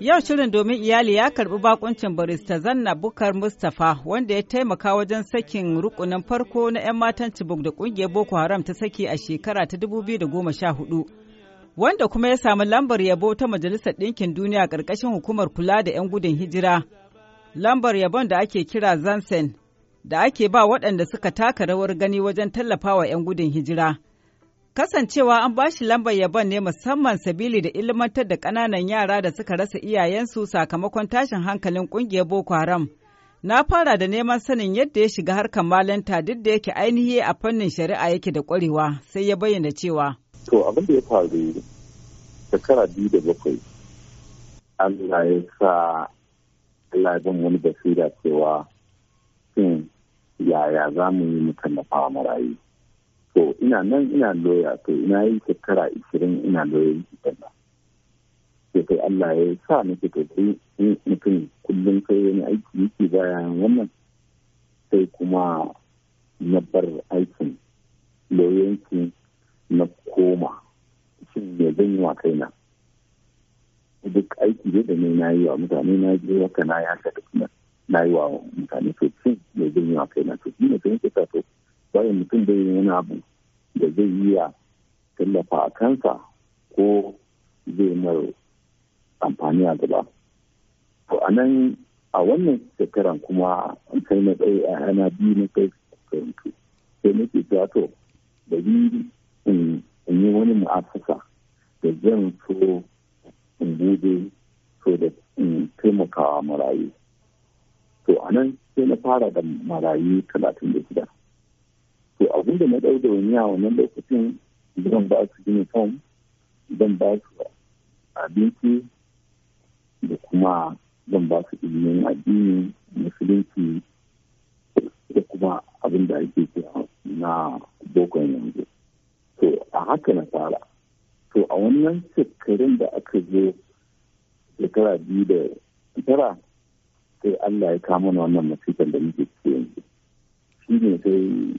Yau shirin domin iyali ya karbi bakuncin barista zanna bukar Mustapha wanda ya taimaka wajen sakin rukunin farko na 'yan matan Cibok da kungiyar Boko Haram ta saki a shekara ta 2014. Wanda kuma ya samu lambar yabo ta Majalisar Ɗinkin Duniya ƙarƙashin hukumar kula da 'yan gudun hijira. Lambar yabon da ake kira Zansen da ake ba waɗanda suka taka rawar gani wajen tallafawa 'yan gudun hijira. Kasancewa an bashi lambar yabon ne musamman sabili da ilmantar da ƙananan yara da suka rasa iyayensu sakamakon tashin hankalin ƙungiyar Boko Haram. Na fara da neman sanin yadda ya shiga harkar malanta duk da yake ainihi a fannin shari'a yake da ƙwarewa sai ya bayyana cewa. To abin da ya faru shekara biyu da bakwai Allah ya sa Allah wani basira cewa shin yaya za mu yi mutum da fama marayu. to ina nan ina loya to ina yi shekara ishirin ina loya ba sai kai Allah ya sa nake to dai mutum kullum sai wani aiki yake bayan wannan sai kuma na bar aikin loyanci na koma shin me zan yi wa kaina duk aiki da ne na yi wa mutane na yi haka na ya haka kuma na yi wa mutane to shin me zan yi wa kaina to shi ne yi ka to kowane mutum da wani abu da zai iya tallafa a kansa ko zai mara amfani a gaba. To a nan a wannan shekaran kuma an kai na tsaye a yana biyu na kai karantu. Sai nake cewa to da yi in yi wani mu'asasa da zan so in bude so da in taimakawa marayu. To a nan sai na fara da marayu talatin da shida. to abin da na ɗau da wani a wannan lokacin zan ba su uniform zan ba su abinci da kuma zan ba su ilimin addini musulunci da kuma abin da ake kira na bokon yanzu to a haka na fara to a wannan shekarun da aka zo shekara biyu da tara sai Allah ya kama wannan masifar da muke ciki yanzu shi ne sai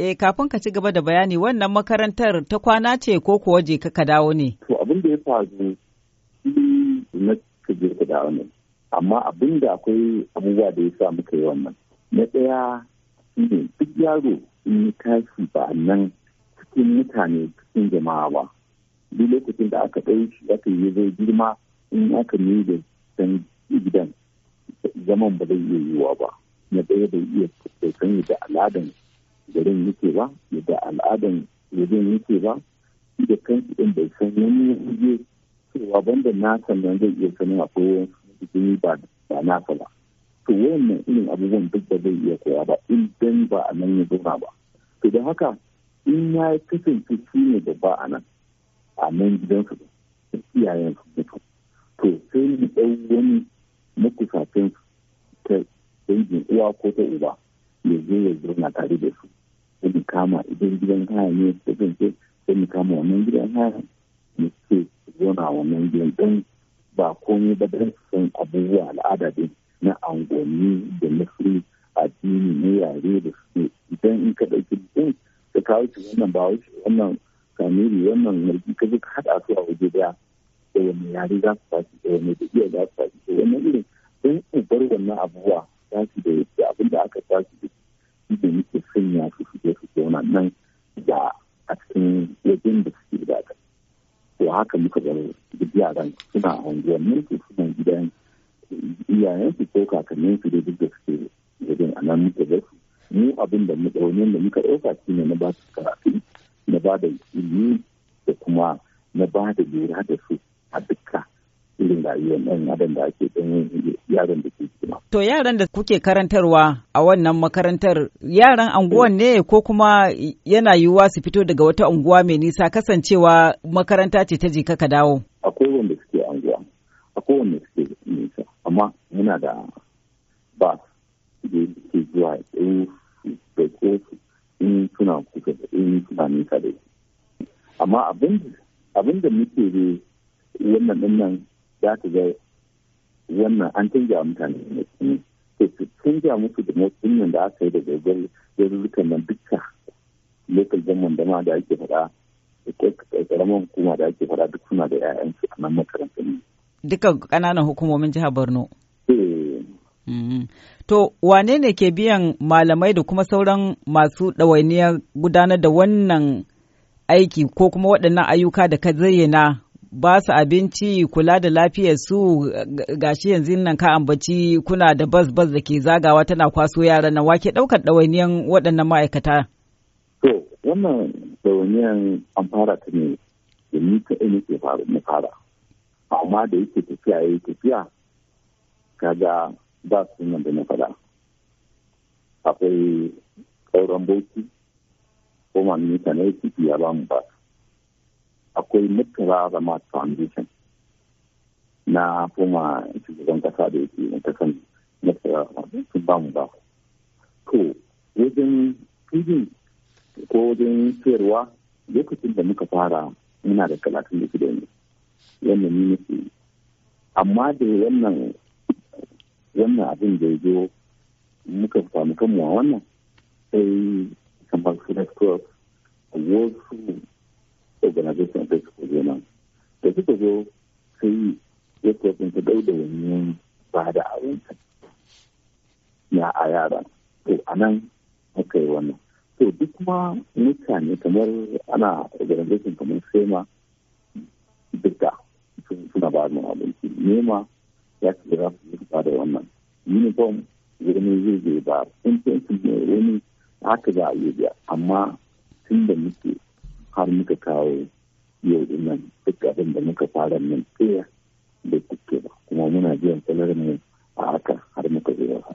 Eh kafin ka ci gaba da bayani wannan makarantar ta kwana ce ko kuwa je ka dawo ne? To abin da ya faru na ka je ka dawo ne. Amma abin da akwai abubuwa da ya sa muka yi wannan. Na ɗaya ne duk yaro in yi tashi ba nan cikin mutane cikin jama'a ba. Duk lokacin da aka ɗau shi aka yi zai girma in aka yi da san gidan zaman ba zai iya yiwuwa ba. Na ɗaya bai iya sanyi da al'adansu garin yake ba da al'adan wajen yake ba da ɗin bai san wani waje cewa banda nasa nan zai iya sanin akwai wani jini ba nasa ba to wannan irin abubuwan duk da zai iya koya ba in dan ba a nan ya zauna ba to da haka in ya kasance shi ne babba a nan a nan gidansu da iyayen su mutu to sai ni ɗau wani makusafin ta dangin uwa ko ta uba ya zo ya zauna tare da su sai mu kama idan gidan haya ne ta ce sai mu kama wannan gidan haya mu ce zauna wannan gidan don ba komai ba don san abubuwa al'ada din na angonni da na firi addini na yare da suke idan in ka ɗauki din ka kawo shi wannan ba wuce wannan kamiri wannan mulki ka ka haɗa su a waje daya da wani yare za su fashi da wani da iya za su fashi da wani irin don ubar wannan abubuwa faɗan suna unguwannin su suna gidan iyayen su ko kakannin su da duk da suke wajen a nan muka su mu abin da mu ɗaunin da muka ɗauka shi ne na ba su karatu na ba da ilimi da kuma na ba da lura da su a dukka irin rayuwar ɗan adam da ake ɗan yaran da ke cikin. To yaran da kuke karantarwa a wannan makarantar yaran anguwan ne ko kuma yana yiwuwa su fito daga wata unguwa mai nisa kasancewa makaranta ce ta jika ka dawo. Akwai wanda suke anguwa, akwai wanda suke nisa, amma muna da ba da ke zuwa da kofi in suna kusa da in suna nisa da Amma abin da muke wannan ɗin nan za ka ga wannan an canja mutane ne su canja musu da motsin nan da aka yi da gagar yarurrukan nan duka local zaman da ma da ake faɗa karamar hukuma da ake fada duk suna da 'ya'yansu a nan makarantar ne. dukkan kananan hukumomin jihar Borno. Eh. Mm-hmm. To, wane ne ke biyan malamai da kuma sauran masu ɗawainiyar gudanar da wannan aiki ko kuma waɗannan ayyuka da ka zayyana ba su abinci kula da lafiyar su gashi yanzu nan ka ambaci kuna da bas bas da ke zagawa tana kwaso yaran nan wake ɗaukar ɗawainiyan waɗannan ma'aikata. To wannan ɗawainiyan an fara ta ne da ni kaɗai ke faru na fara amma da yake tafiya ya yi tafiya kaga ba su nan da na faɗa akwai ƙauran bauchi ko ma ni na ne ya ba mu ba su akwai mutura masu foundation na kuma shugaban kasa da yake ta kan mutura sun ba mu ba to wajen fidin ko wajen sayarwa lokacin da muka fara muna da talatin da shida ne wannan ni nake amma da wannan wannan abin da ya zo muka samu kanmu a wannan sai kamar su wasu organization da suka zo nan da suka zo sai ya kwafin ta dau da wani ba da abinci ya a yaran to a nan aka yi wannan to duk ma mutane kamar ana organization kamar sema duka suna ba mu abinci nema ya ci za su ba da wannan uniform wani zai zai ba sun wani haka za a yi biya amma tun da muke har muka kawo yau nan duk abin da muka fara nan tsaye da kuke ba kuma muna biyan salar mu a haka har muka zo yawa.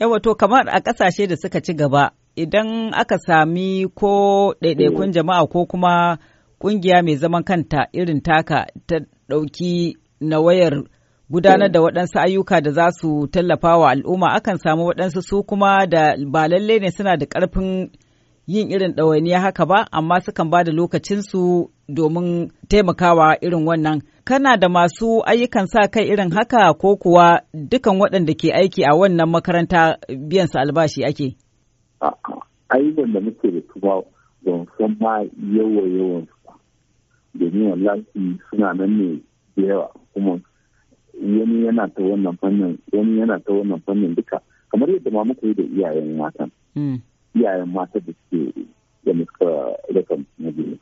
Yawa to kamar a kasashe da suka ci gaba idan aka sami ko ɗaiɗaikun eh. jama'a ko kuma ƙungiya mai zaman kanta irin taka ta ɗauki na wayar gudanar eh. da waɗansu ayyuka da za su tallafa wa al'umma akan samu waɗansu su kuma da ba lallai ne suna da ƙarfin yin irin ɗawainiya haka ba amma sukan ba da lokacinsu domin taimakawa irin wannan kana da masu ayyukan sa kai irin haka ko kuwa dukan waɗanda ke aiki a wannan makaranta biyan su albashi ake ayyukan da muke da tuba don san ma yawa yawan su domin wallahi suna nan ne da yawa kuma wani yana ta wannan fannin duka kamar yadda ma muka yi da iyayen matan hmm. iyayen mata da suke da muka rakan mugini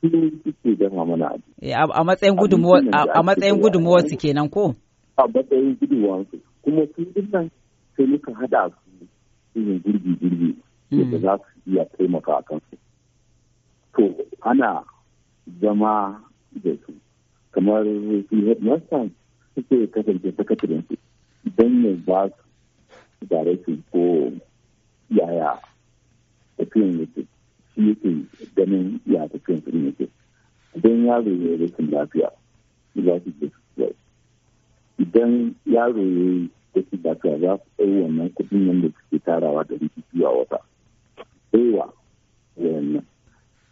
su suke gama mana abu. Eh, a matsayin gudunmuwar su kenan ko? A matsayin gudunmuwar su kuma su nan sai muka hada su yin gurbi. gurbi hmm. yadda za su iya taimaka a kansu. To ana zama da su kamar su headmaster suke kasance sakatarinsu don ne ba su direction ko yaya tafiyan yake shi yake ganin ya tafiyan su ne yake idan yaro ya yi rashin lafiya za su je su idan yaro ya yi rashin lafiya za su ɗau wannan kudin nan da suke tarawa da rikici a wata baiwa wannan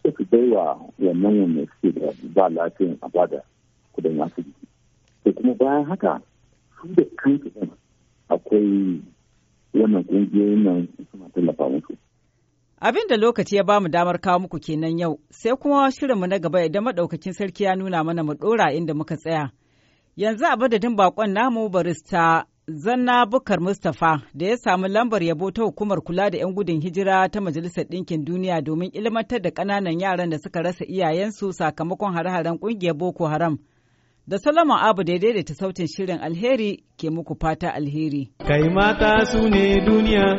da su baiwa wannan wannan suke da ba lafiyan a bada kudin asibiti da kuma bayan haka su da kansu akwai wannan ƙungiyoyin nan suna tallafa musu Abin da lokaci ya bamu damar kawo muku kenan yau, sai kuma shirinmu na gaba idan maɗaukakin sarki ya nuna mana mu ɗora inda muka tsaya. Yanzu a badadin bakon namu barista Zanna Bukar Mustapha da ya samu lambar yabo ta hukumar kula da 'yan gudun hijira ta Majalisar Ɗinkin Duniya domin ilmantar da ƙananan yaran da suka rasa iyayensu sakamakon hare-haren ƙungiyar Boko Haram. Da Solomon Abu da ta sautin shirin alheri ke muku fata alheri. Kai mata su ne duniya,